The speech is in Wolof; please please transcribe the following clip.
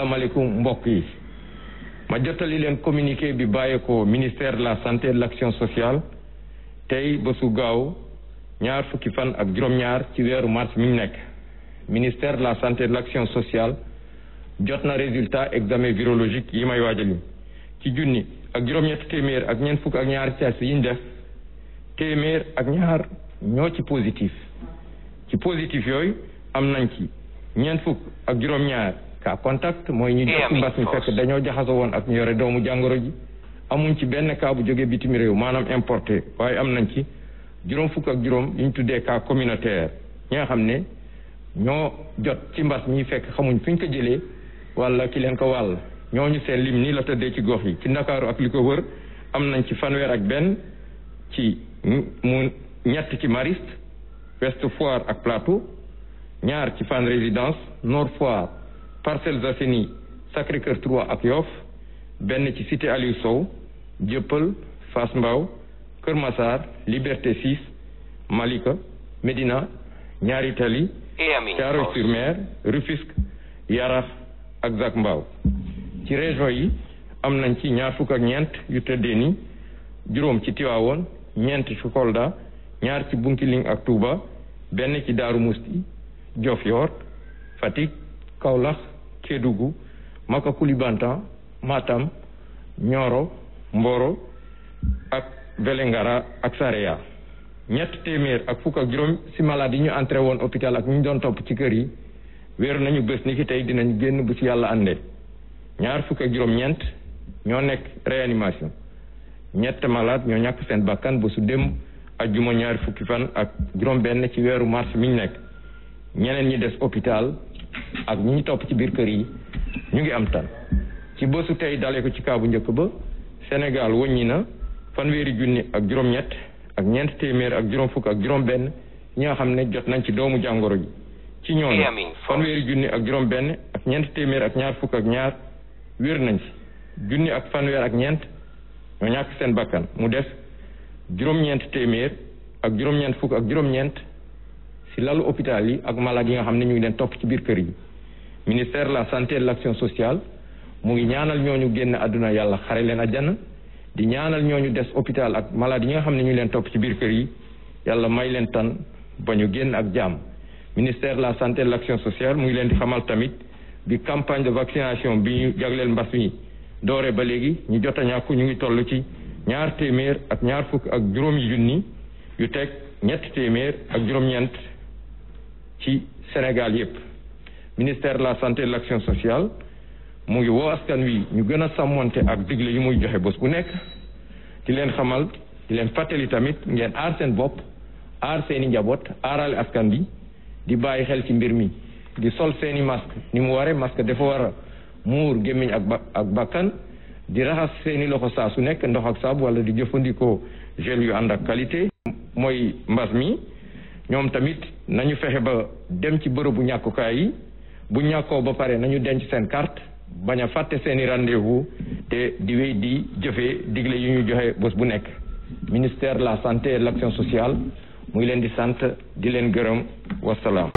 asalaamaaleykum mbokk yi ma jottali leen communiqué bi bàyyeekoo ministère de la santé de l'action sociale tey bésu gaaw ñaar fukki fan ak juróom-ñaar ci weeru mars mi ñu nekk ministère de la santé et de l'action sociale jot na résultat examen virologique yi may waajal ci junni ak juróom-ñetti téeméer ak ñeent fukk ak ñaar test yi ñu def téeméer ak ñaar ñoo ci positif ci positif yooyu am nañ ci ñeent fukk ak juróom-ñaar. cas contact mooy ñu jot eh, mbas mi fekk dañoo jaxasoo woon ak ñu yore doomu jàngoro ji amuñ ci benn kaa bu joge bitim réew maanaam importé waaye am nañ ci juróom fukk ak juróom yi tuddee cas communautaire ñi nga xam ne ñoo jot ci mbas mi fekk xamuñ fuñ ko jëlee wala ki leen ko wàll ñu seen lim nii la tëddee ci gox yi ci ndakaaru ak li ko wër am nañ ci fanweer ak benn ci mu ñett ci Mariste Ouest Foire ak Plateau ñaar ci Fann Résidence Nord Foire Parcelles Assainies Sacré-Cœur 3 ak Yoff benn ci cité Aliou Sow Dieuppeul Fass Mbao Kër Massar Liberté 6 Malika Médina Ñaari Tali Thiaroye sur Mer Yarax ak Zac Mbao ci région yi am nañ ci ñaar fukk ak ñeent yu tëddee ni juróom ci Tiwaawoon ñeent ci Kolda ñaar ci Bunkiling ak Touba benn ci Daaru Musti Diofior Fatick kaw Kaolack Kédougou Maka Koulibantang Matam ñooro Mboro ak Vélingara ak Sareya ñett téeméer ak fukk ak juróom si malade yi ñu entré woon hôpital ak ñu doon topp ci kër yi wéeru nañu bés ni ki tey dinañ génn bu ci yàlla àndee ñaar fukk ak juróom-ñeent ñoo nekk réanimation ñett malade ñoo ñàkk seen bakkan ba su démb ak juma ñaari fukki fan ak juróom benn ci weeru mars mi nekk ñeneen ñi des hôpital ak ñi ñu topp ci biir kër yi ñu ngi am tan ci bësu tey dalee ko ci kaabu njëkk ba Sénégal wëññi na fanweeri junni ak juróom-ñett ak ñeent téeméer ak juróom fukk ak juróom-benn xam ne jot nañ ci doomu jàngoro ci ñooñu fanweeri junni ak juróom-benn ñeent téeméer ak ñaar fukk ak ñaar wér nañ ci junni ak fanweer ak ñeent ñoo ñàkk seen bakkan mu des juróom-ñeent téeméer ak juróom-ñeent fukk ak juróom-ñeent lalu hôpital yi ak malade yi nga xam ne ñu ngi leen topp ci biir kër yi ministère la santé de l'action sociale mu ngi ñaanal ñoo ñu génn àdduna yàlla xare leen àjjana di ñaanal ñoo ñu des hôpital ak malade yi nga xam ne ñu leen topp ci biir kër yi yàlla may leen tan ba ñu génn ak jàmm ministère la santé de l'action sociale mu ngi leen di xamal tamit bi campagne de vaccination bi ñu jagleel mbas mi doore ba léegi ñu jot ñàkku ñu ngi toll ci ñaar téeméer ak ñaar ak juróomi junni yu teg ñett ak juróom ci Sénégal yépp ministère la santé de l'action sociale mu ngi woo askan wi ñu gën a sàmmonte ak digle yu muy joxe bés bu nekk di leen xamal di leen fàttali tamit ngeen aar seen bopp aar seeni njaboot aarale askan bi di bàyyi xel ci mbir mi di sol seeni masque ni mu ware masque dafa war a muur gémmiñ ak ba ak bakkan di raxas seeni loxo saa su nekk ndox ak saabu walla di jëfandikoo gel yu ànd ak qualité mooy mbas mi ñoom tamit nañu fexe ba dem ci bërëbu ñàkkukaay yi bu ñàkkoo ba pare nañu denc seen carte bañ a fàtte seeni i te di wey di jëfe digle yu ñu joxe bés bu nekk ministère la santé et de l'action sociale muy leen di sant di leen gërëm wasalaam